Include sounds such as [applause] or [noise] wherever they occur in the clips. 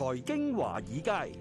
財經華爾街。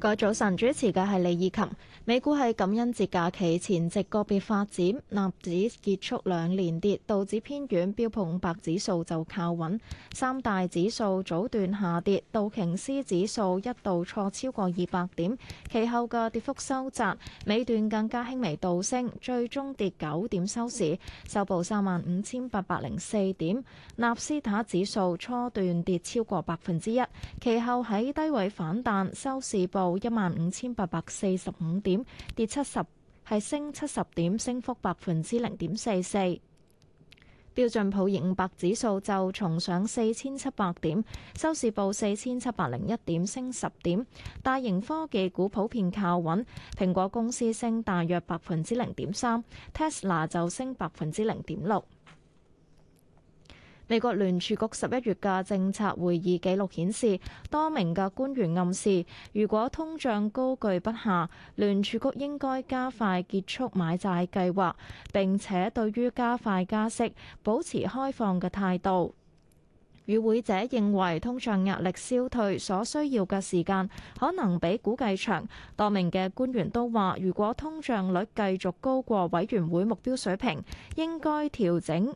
各位早晨，主持嘅係李以琴。美股係感恩節假期前夕個別發展，納指結束兩連跌，道指偏軟標普五百指數就靠穩，三大指數早段下跌，道瓊斯指數一度挫超過二百點，其後嘅跌幅收窄，尾段更加輕微倒升，最終跌九點收市，收報三萬五千八百零四點，納斯達克指數初段跌超過百分之一，其後喺低位反彈收市報。一萬五千八百四十五點，跌七十，係升七十點，升幅百分之零點四四。標準普爾五百指數就重上四千七百點，收市報四千七百零一點，升十點。大型科技股普遍靠穩，蘋果公司升大約百分之零點三，Tesla 就升百分之零點六。美國聯儲局十一月嘅政策會議記錄顯示，多名嘅官員暗示，如果通脹高居不下，聯儲局應該加快結束買債計劃，並且對於加快加息保持開放嘅態度。與會者認為，通脹壓力消退所需要嘅時間可能比估計長。多名嘅官員都話，如果通脹率繼續高過委員會目標水平，應該調整。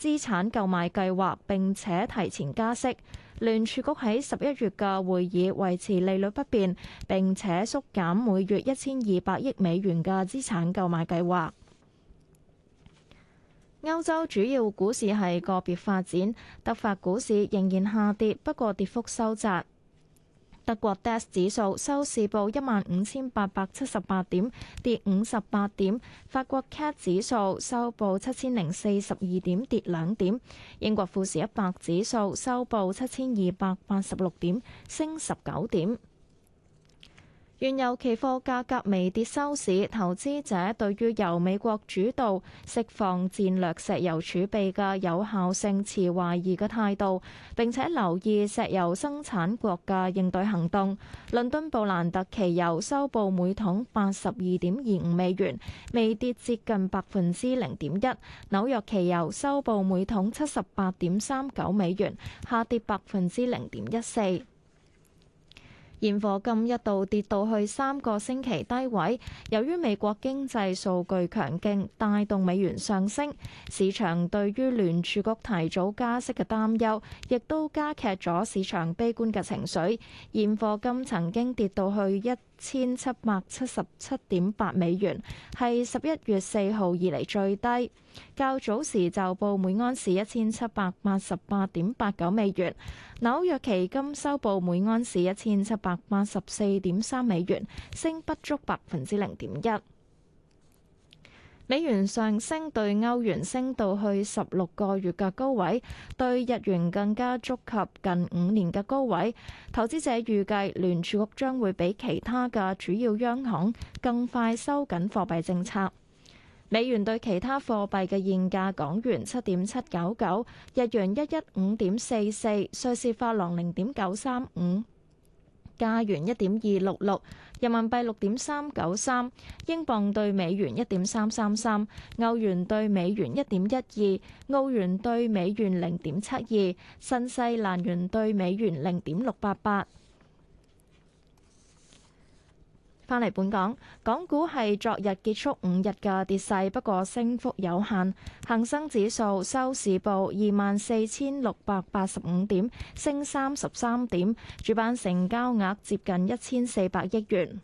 資產購買計劃，並且提前加息。聯儲局喺十一月嘅會議維持利率不變，並且縮減每月一千二百億美元嘅資產購買計劃。歐洲主要股市係個別發展，德法股市仍然下跌，不過跌幅收窄。德國 DAX 指數收市報一萬五千八百七十八點，跌五十八點。法國 CAC 指數收報七千零四十二點，跌兩點。英國富時一百指數收報七千二百八十六點，升十九點。原油期貨價格微跌收市，投資者對於由美國主導釋放戰略石油儲備嘅有效性持懷疑嘅態度，並且留意石油生產國嘅應對行動。倫敦布蘭特期油收報每桶八十二點二五美元，微跌接近百分之零點一；紐約期油收報每桶七十八點三九美元，下跌百分之零點一四。現貨金一度跌到去三個星期低位，由於美國經濟數據強勁，帶動美元上升，市場對於聯儲局提早加息嘅擔憂，亦都加劇咗市場悲觀嘅情緒。現貨金曾經跌到去一千七百七十七點八美元，係十一月四號以嚟最低。較早時就報每安士一千七百八十八點八九美元。紐約期金收報每安士一千七百八十四點三美元，升不足百分之零點一。美元上升，對歐元升到去十六個月嘅高位，對日元更加觸及近五年嘅高位。投資者預計聯儲局將會比其他嘅主要央行更快收緊貨幣政策。美元對其他貨幣嘅現價：港元七點七九九，日元一一五點四四，瑞士法郎零點九三五。加元一點二六六，6, 人民幣六點三九三，英鎊對美元一點三三三，歐元對美元一點一二，澳元對美元零點七二，新西蘭元對美元零點六八八。返嚟本港，港股係昨日結束五日嘅跌勢，不過升幅有限。恒生指數收市報二萬四千六百八十五點，升三十三點。主板成交額接近一千四百億元。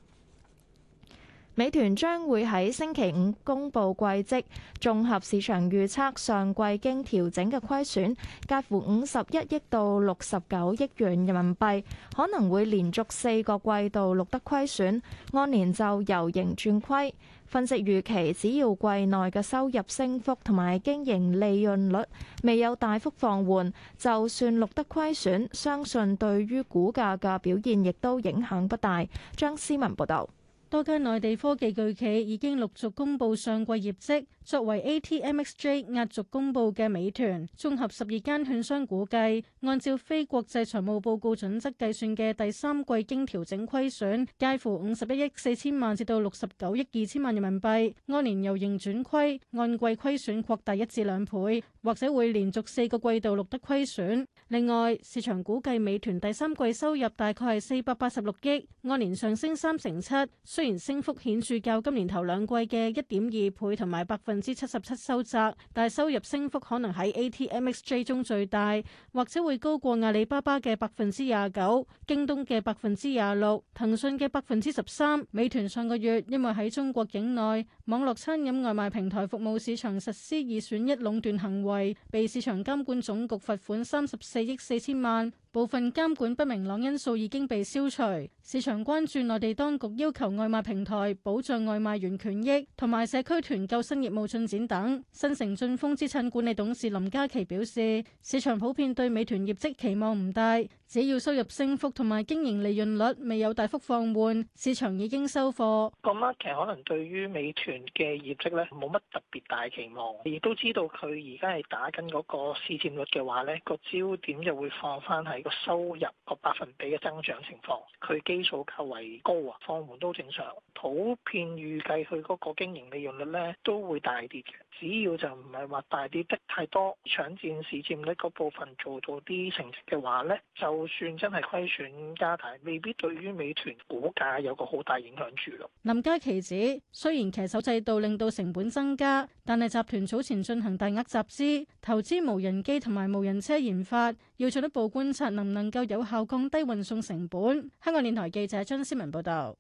美團將會喺星期五公布季績，綜合市場預測，上季經調整嘅虧損介乎五十一億到六十九億元人民幣，可能會連續四個季度錄得虧損，按年就由盈轉虧。分析預期，只要季內嘅收入升幅同埋經營利潤率未有大幅放緩，就算錄得虧損，相信對於股價嘅表現亦都影響不大。張思文報道。多間內地科技巨企已經陸續公布上季業績，作為 ATMXJ 壓軸公布嘅美團，綜合十二間券商估計，按照非國際財務報告準則計算嘅第三季經調整虧損介乎五十一億四千萬至到六十九億二千萬人民幣，按年由盈轉虧，按季虧損擴大一至兩倍，或者會連續四個季度錄得虧損。另外，市場估計美團第三季收入大概係四百八十六億，按年上升三成七。雖然升幅顯著，較今年頭兩季嘅一點二倍同埋百分之七十七收窄，但收入升幅可能喺 ATMXJ 中最大，或者會高過阿里巴巴嘅百分之廿九、京東嘅百分之廿六、騰訊嘅百分之十三。美團上個月因為喺中國境內網絡餐飲外賣平台服務市場實施二選一壟斷行為，被市場監管總局罰款三十四億四千萬。部分監管不明朗因素已經被消除，市場關注內地當局要求外賣平台保障外賣員權益同埋社區團購新業務進展等。新城信豐資產管理董事林嘉琪表示，市場普遍對美團業績期望唔大。只要收入升幅同埋經營利潤率未有大幅放緩，市場已經收貨。個 market 可能對於美團嘅業績咧，冇乜特別大期望，而都知道佢而家係打緊嗰個市占率嘅話咧，個焦點就會放翻喺個收入個百分比嘅增長情況。佢基數較為高啊，放緩都正常。普遍預計佢嗰個經營利潤率咧都會大跌嘅。只要就唔係話大跌得太多，搶占市占率嗰部分做到啲成績嘅話咧，就算真係虧損加大，未必對於美團股價有個好大影響住咯。林嘉琪指，雖然騎手制度令到成本增加，但係集團早前進行大額集資投資無人機同埋無人車研發，要進一步觀察能唔能夠有效降低運送成本。香港電台記者張思文報道。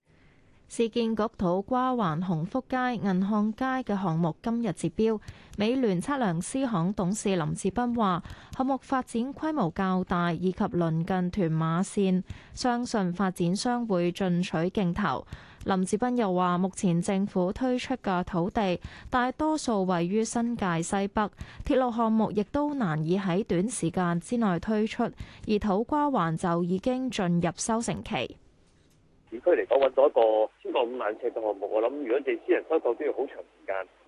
市建局土瓜灣鴻福街、銀漢街嘅項目今日截標。美聯測量師行董事林志斌話：項目發展規模較大，以及鄰近屯馬線，相信發展商會進取競投。林志斌又話：目前政府推出嘅土地，大多數位於新界西北，鐵路項目亦都難以喺短時間之內推出，而土瓜灣就已經進入收成期。市區嚟講，揾到一個超過五萬尺嘅項目，我 [noise] 諗，如果你私人收購都要好長。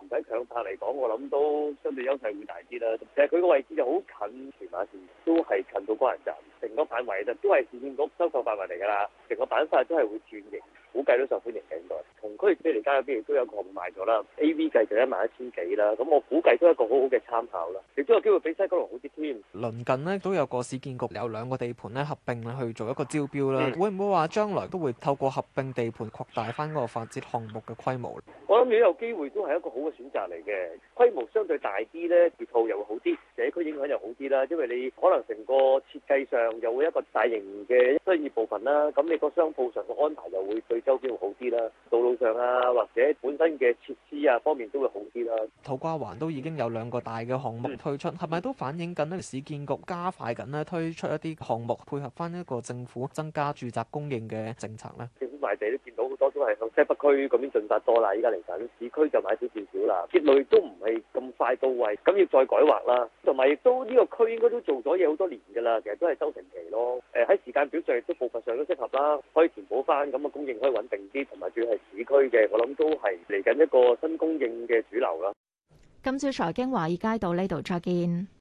唔使強拍嚟講，我諗都相對優勢會大啲啦。其實佢個位置就好近荃灣線，都係近到驚人嘅。成個範圍就都係市建局收購範圍嚟㗎啦。成個板塊都係會轉型，估計都受歡迎嘅。應該同區市嚟講，譬如亦都有個賣咗啦。A V 計就一萬一千幾啦。咁我估計都係一個好好嘅參考啦。亦都有機會比西九龍好啲添。鄰近呢都有個市建局有兩個地盤呢合併去做一個招標啦。嗯、會唔會話將來都會透過合併地盤擴大翻嗰個發展項目嘅規模？我諗都有機會都。係一個好嘅選擇嚟嘅，規模相對大啲呢，配套又會好啲，社區影響又好啲啦。因為你可能成個設計上又會一個大型嘅商業部分啦，咁你個商鋪上嘅安排又會對周邊會好啲啦，道路上啊，或者本身嘅設施啊方面都會好啲啦。土瓜環土瓜灣都已經有兩個大嘅項目推出，係咪、嗯、都反映緊呢？市建局加快緊呢推出一啲項目，配合翻一個政府增加住宅供應嘅政策呢。你都見到好多都係向西北區嗰邊進發多啦，依家嚟緊市區就買少見少啦，結累都唔係咁快到位，咁要再改劃啦。同埋亦都呢個區應該都做咗嘢好多年㗎啦，其實都係收成期咯。誒喺時間表上亦都部分上都適合啦，可以填補翻咁嘅供應可以穩定啲，同埋主要係市區嘅，我諗都係嚟緊一個新供應嘅主流啦。今朝財經華爾街到呢度再見。